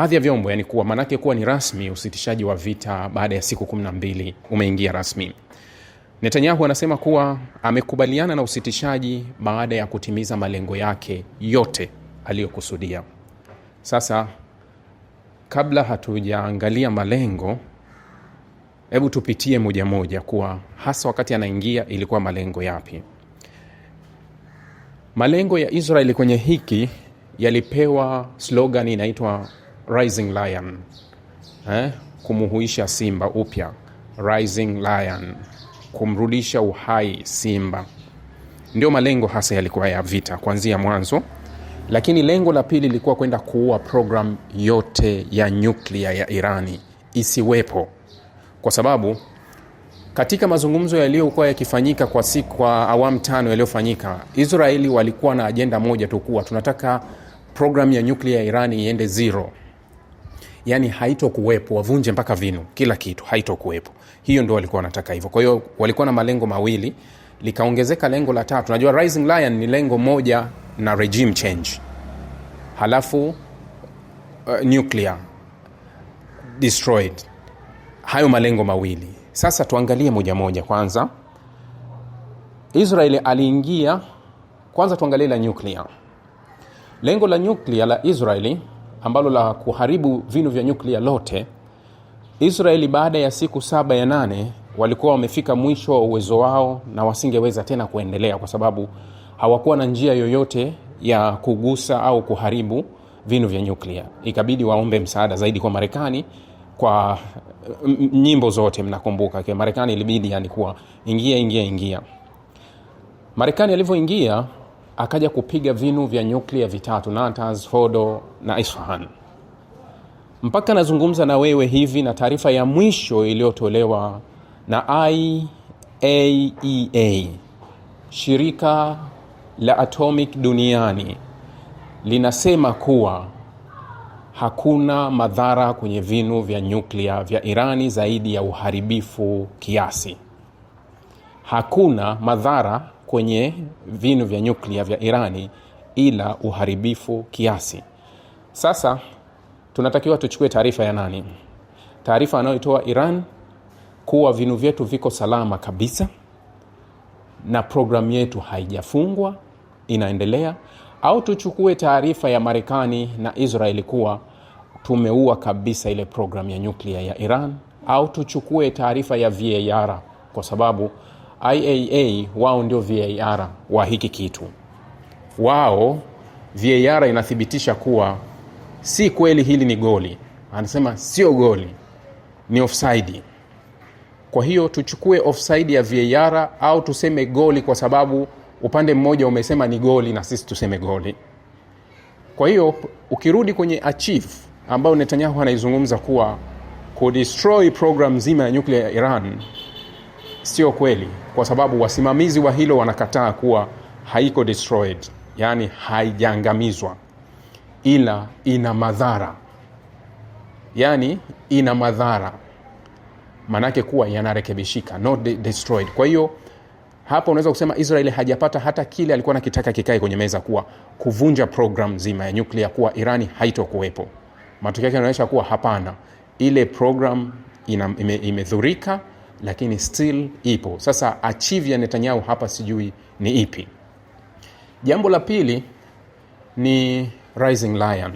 baadhi ya vyombo, yani kuwa maanake kuwa ni rasmi, usitishaji wa vita baada ya siku kumi na mbili umeingia rasmi. Netanyahu anasema kuwa amekubaliana na usitishaji baada ya kutimiza malengo yake yote aliyokusudia. Sasa kabla hatujaangalia malengo, hebu tupitie moja moja kuwa hasa wakati anaingia ilikuwa malengo yapi? Malengo ya Israeli kwenye hiki yalipewa slogan inaitwa Rising Lion eh, kumuhuisha simba upya Rising Lion, kumrudisha uhai simba. Ndio malengo hasa yalikuwa ya vita kuanzia mwanzo, lakini lengo la pili lilikuwa kwenda kuua program yote ya nyuklia ya Irani isiwepo, kwa sababu katika mazungumzo yaliyokuwa yakifanyika kwa siku kwa awamu tano yaliyofanyika, Israeli walikuwa na ajenda moja tu, kuwa tunataka programu ya nyuklia ya Irani iende zero yani haitokuwepo, wavunje mpaka vinu, kila kitu haitokuwepo. Hiyo ndo walikuwa wanataka hivyo. Kwa hiyo walikuwa na malengo mawili, likaongezeka lengo la tatu. Najua Rising Lion ni lengo moja na regime change, halafu uh, nuclear destroyed. Hayo malengo mawili. Sasa tuangalie moja moja. Kwanza israel aliingia, kwanza tuangalie la nuclear. Lengo la nuclear la Israeli ambalo la kuharibu vinu vya nyuklia lote, Israeli baada ya siku saba ya nane walikuwa wamefika mwisho wa uwezo wao na wasingeweza tena kuendelea, kwa sababu hawakuwa na njia yoyote ya kugusa au kuharibu vinu vya nyuklia. Ikabidi waombe msaada zaidi kwa Marekani kwa mm, nyimbo zote. Mnakumbuka Marekani ilibidi yani kuwa ingia ingia ingia. Marekani alivyoingia akaja kupiga vinu vya nyuklia vitatu natas hodo na Isfahan. Mpaka nazungumza na wewe hivi, na taarifa ya mwisho iliyotolewa na IAEA, e shirika la atomic duniani, linasema kuwa hakuna madhara kwenye vinu vya nyuklia vya Irani zaidi ya uharibifu kiasi. Hakuna madhara kwenye vinu vya nyuklia vya irani ila uharibifu kiasi sasa tunatakiwa tuchukue taarifa ya nani taarifa anayoitoa iran kuwa vinu vyetu viko salama kabisa na programu yetu haijafungwa inaendelea au tuchukue taarifa ya marekani na israeli kuwa tumeua kabisa ile programu ya nyuklia ya iran au tuchukue taarifa ya var kwa sababu IAA wao ndio VAR wa hiki kitu. Wao VAR inathibitisha kuwa si kweli, hili ni goli. Anasema sio goli, ni offside. Kwa hiyo tuchukue offside ya VAR au tuseme goli, kwa sababu upande mmoja umesema ni goli na sisi tuseme goli. Kwa hiyo ukirudi kwenye achieve ambayo Netanyahu anaizungumza kuwa kudestroy program nzima ya nyuklia ya Iran sio kweli, kwa sababu wasimamizi wa hilo wanakataa kuwa haiko destroyed, yani haijaangamizwa, ila ina madhara, yani ina madhara, maanake kuwa yanarekebishika, not de destroyed. Kwa hiyo hapo unaweza kusema Israeli hajapata hata kile alikuwa nakitaka kikae kwenye meza, kuwa kuvunja program nzima ya nyuklia, kuwa Irani haitokuwepo. Matokeo yake yanaonyesha kuwa hapana, ile program imedhurika lakini still ipo sasa achieve ya netanyahu hapa sijui ni ipi jambo la pili ni rising lion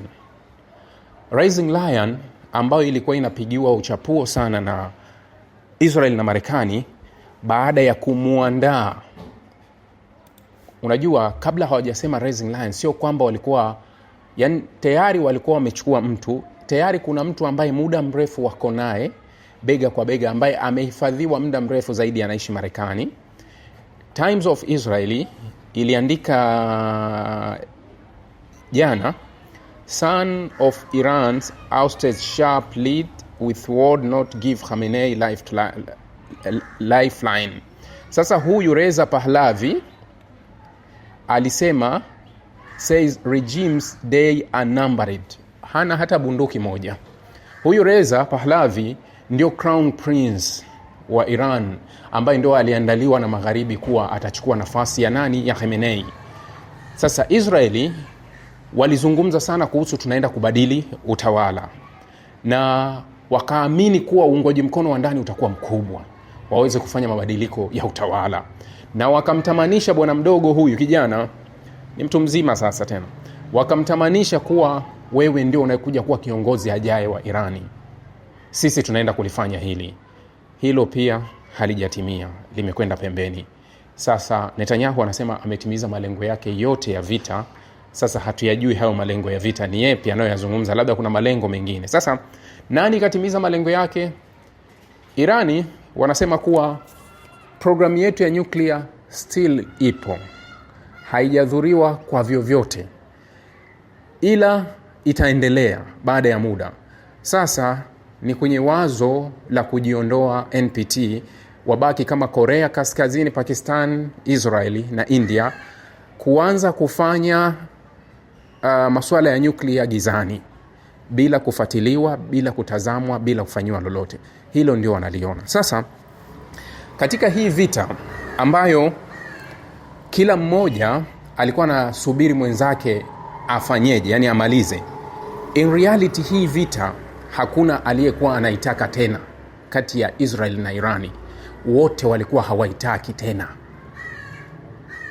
rising lion ambayo ilikuwa inapigiwa uchapuo sana na israel na marekani baada ya kumwandaa unajua kabla hawajasema rising lion sio kwamba walikuwa yani tayari walikuwa wamechukua mtu tayari kuna mtu ambaye muda mrefu wako naye bega kwa bega, ambaye amehifadhiwa muda mrefu zaidi, anaishi Marekani. Times of Israeli iliandika jana, son of Iran's ousted sharp lead with word not give hamenei lifeline. Sasa huyu Reza Pahlavi alisema says regimes day are numbered, hana hata bunduki moja. Huyu Reza Pahlavi ndio crown prince wa Iran ambaye ndio aliandaliwa na magharibi kuwa atachukua nafasi ya nani? Ya Khamenei. Sasa Israeli walizungumza sana kuhusu tunaenda kubadili utawala, na wakaamini kuwa uungwaji mkono wa ndani utakuwa mkubwa waweze kufanya mabadiliko ya utawala, na wakamtamanisha bwana mdogo huyu, kijana ni mtu mzima sasa tena, wakamtamanisha kuwa wewe ndio unayekuja kuwa kiongozi ajaye wa Irani sisi tunaenda kulifanya hili. Hilo pia halijatimia, limekwenda pembeni. Sasa Netanyahu anasema ametimiza malengo yake yote ya vita. Sasa hatuyajui hayo malengo ya vita ni yepi anayoyazungumza, labda kuna malengo mengine. Sasa nani katimiza malengo yake? Irani wanasema kuwa programu yetu ya nyuklia still ipo, haijadhuriwa kwa vyovyote, ila itaendelea baada ya muda. Sasa ni kwenye wazo la kujiondoa NPT, wabaki kama Korea Kaskazini, Pakistan, Israeli na India kuanza kufanya uh, masuala ya nyuklia gizani bila kufuatiliwa, bila kutazamwa, bila kufanyiwa lolote. Hilo ndio wanaliona sasa katika hii vita ambayo kila mmoja alikuwa anasubiri mwenzake afanyeje, yani amalize. In reality hii vita hakuna aliyekuwa anaitaka tena kati ya Israel na Irani, wote walikuwa hawaitaki tena.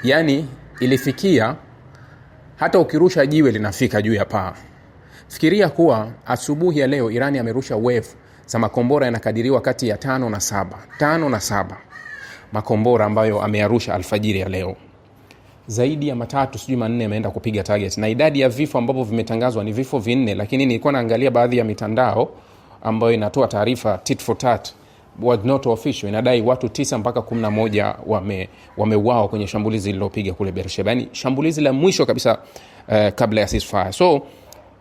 Yaani ilifikia hata ukirusha jiwe linafika juu ya paa. Fikiria kuwa asubuhi ya leo Irani amerusha wevu za makombora yanakadiriwa kati ya tano na saba, tano na saba makombora ambayo ameyarusha alfajiri ya leo zaidi ya matatu sijui manne yameenda kupiga target, na idadi ya vifo ambavyo vimetangazwa ni vifo vinne, lakini nilikuwa naangalia baadhi ya mitandao ambayo inatoa taarifa official, inadai watu t mpaka 11 wame wameuawa kwenye shambulizi lililopiga kule Beersheba, yani shambulizi la mwisho kabisa uh, kabla ya ceasefire. So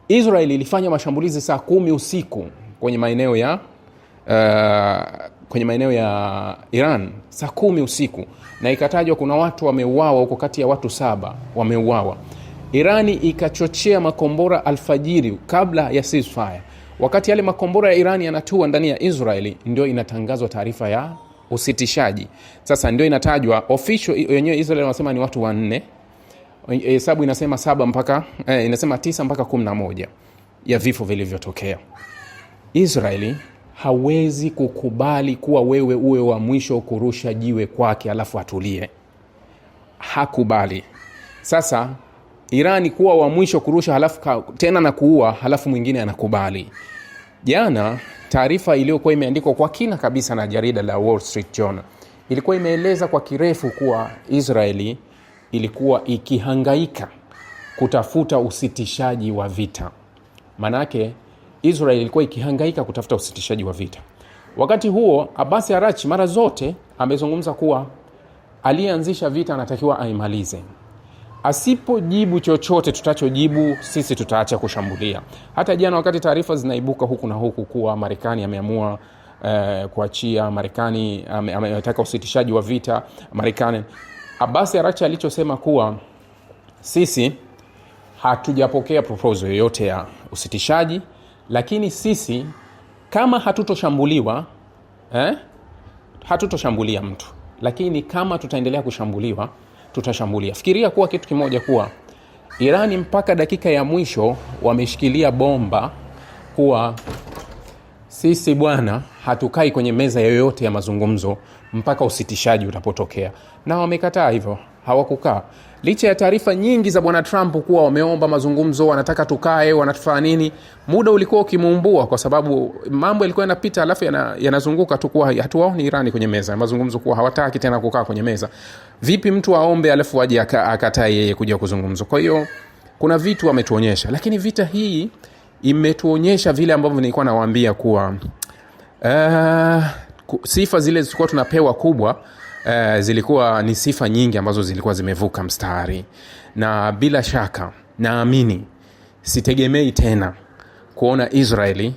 Israel ilifanya mashambulizi saa kumi usiku kwenye maeneo ya uh, kwenye maeneo ya Iran saa kumi usiku, na ikatajwa kuna watu wameuawa huko, kati ya watu saba wameuawa. Irani ikachochea makombora alfajiri kabla ya ceasefire. Wakati yale makombora ya Irani yanatua ndani ya Israeli, ndio inatangazwa taarifa ya usitishaji. Sasa ndio inatajwa official yenyewe, Israeli wanasema ni watu wanne, hesabu inasema saba mpaka eh, inasema tisa mpaka kumi na moja ya vifo vilivyotokea Israeli hawezi kukubali kuwa wewe uwe wa mwisho kurusha jiwe kwake alafu atulie. Hakubali. Sasa Irani kuwa wa mwisho kurusha halafu tena na kuua, halafu mwingine anakubali. Jana taarifa iliyokuwa imeandikwa kwa kina kabisa na jarida la Wall Street Journal ilikuwa imeeleza kwa kirefu kuwa Israeli ilikuwa ikihangaika kutafuta usitishaji wa vita. maanaake Israel ilikuwa ikihangaika kutafuta usitishaji wa vita. Wakati huo abasi Arachi mara zote amezungumza kuwa aliyeanzisha vita anatakiwa aimalize. Asipojibu chochote tutachojibu sisi, tutaacha kushambulia. Hata jana wakati taarifa zinaibuka huku na huku kuwa Marekani ameamua eh, kuachia Marekani ametaka usitishaji wa vita Marekani, Abbas Arachi alichosema kuwa sisi hatujapokea proposal yoyote ya usitishaji lakini sisi kama hatutoshambuliwa eh, hatutoshambulia mtu, lakini kama tutaendelea kushambuliwa tutashambulia. Fikiria kuwa kitu kimoja kuwa Irani mpaka dakika ya mwisho wameshikilia bomba kuwa sisi bwana, hatukai kwenye meza yoyote ya mazungumzo mpaka usitishaji utapotokea, na wamekataa hivyo, hawakukaa licha ya taarifa nyingi za bwana Trump kuwa wameomba mazungumzo, wanataka tukae, wanatufaa nini, muda ulikuwa ukimuumbua, kwa sababu mambo yalikuwa yanapita, alafu yanazunguka yana tukuwa hatuwaoni Irani kwenye meza mazungumzo, kuwa hawataki tena kukaa kwenye meza. Vipi mtu aombe alafu aje akatae yeye kuja kuzungumzwa Kwa hiyo kuna vitu ametuonyesha, lakini vita hii imetuonyesha vile ambavyo nilikuwa nawaambia kuwa uh, sifa zile zilikuwa tunapewa kubwa eh, zilikuwa ni sifa nyingi ambazo zilikuwa zimevuka mstari, na bila shaka naamini, sitegemei tena kuona Israeli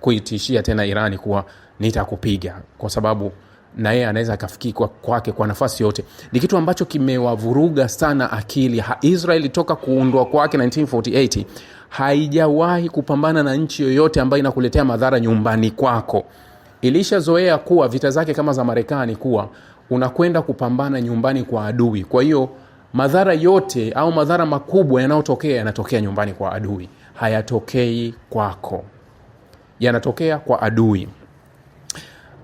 kuitishia tena Irani kuwa nitakupiga, kwa sababu na yeye anaweza akafikiri kwa, kwake kwa nafasi yote. Ni kitu ambacho kimewavuruga sana akili. Israeli toka kuundwa kwake 1948 haijawahi kupambana na nchi yoyote ambayo inakuletea madhara nyumbani kwako. Ilishazoea kuwa vita zake kama za Marekani kuwa unakwenda kupambana nyumbani kwa adui kwa hiyo madhara yote au madhara makubwa yanayotokea yanatokea nyumbani kwa adui hayatokei kwako yanatokea kwa adui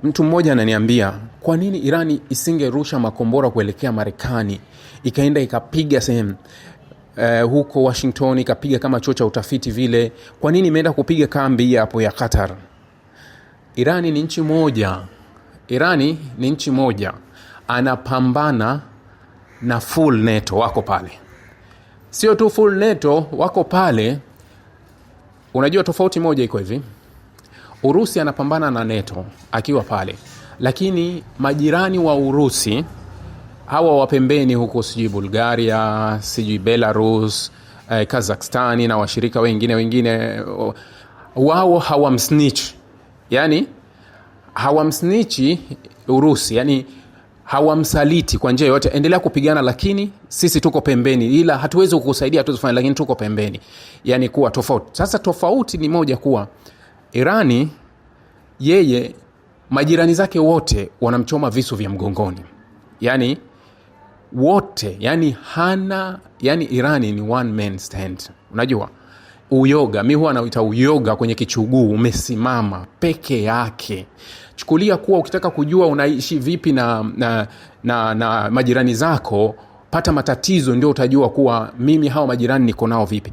mtu mmoja ananiambia kwa nini irani isingerusha makombora kuelekea marekani ikaenda ikapiga sehemu Uh, huko washington ikapiga kama chuo cha utafiti vile kwa nini imeenda kupiga kambi hapo ya qatar irani ni nchi moja irani ni nchi moja anapambana na full neto wako pale sio tu full neto wako pale unajua tofauti moja iko hivi urusi anapambana na neto akiwa pale lakini majirani wa urusi hawa wapembeni huko sijui bulgaria sijui belarus eh, kazakstani na washirika wengine wengine wao hawamsnich yani hawamsnichi urusi yani hawamsaliti kwa njia yoyote. Endelea kupigana, lakini sisi tuko pembeni, ila hatuwezi kukusaidia, hatuwezi kufanya, lakini tuko pembeni, yani kuwa tofauti. Sasa tofauti ni moja, kuwa Irani yeye majirani zake wote wanamchoma visu vya mgongoni, yani wote, yani hana yani Irani ni one man stand, unajua uyoga, mi huwa anaita uyoga kwenye kichuguu, umesimama peke yake. Chukulia kuwa ukitaka kujua unaishi vipi na, na, na, na majirani zako, pata matatizo, ndio utajua kuwa mimi hawa majirani niko nao vipi.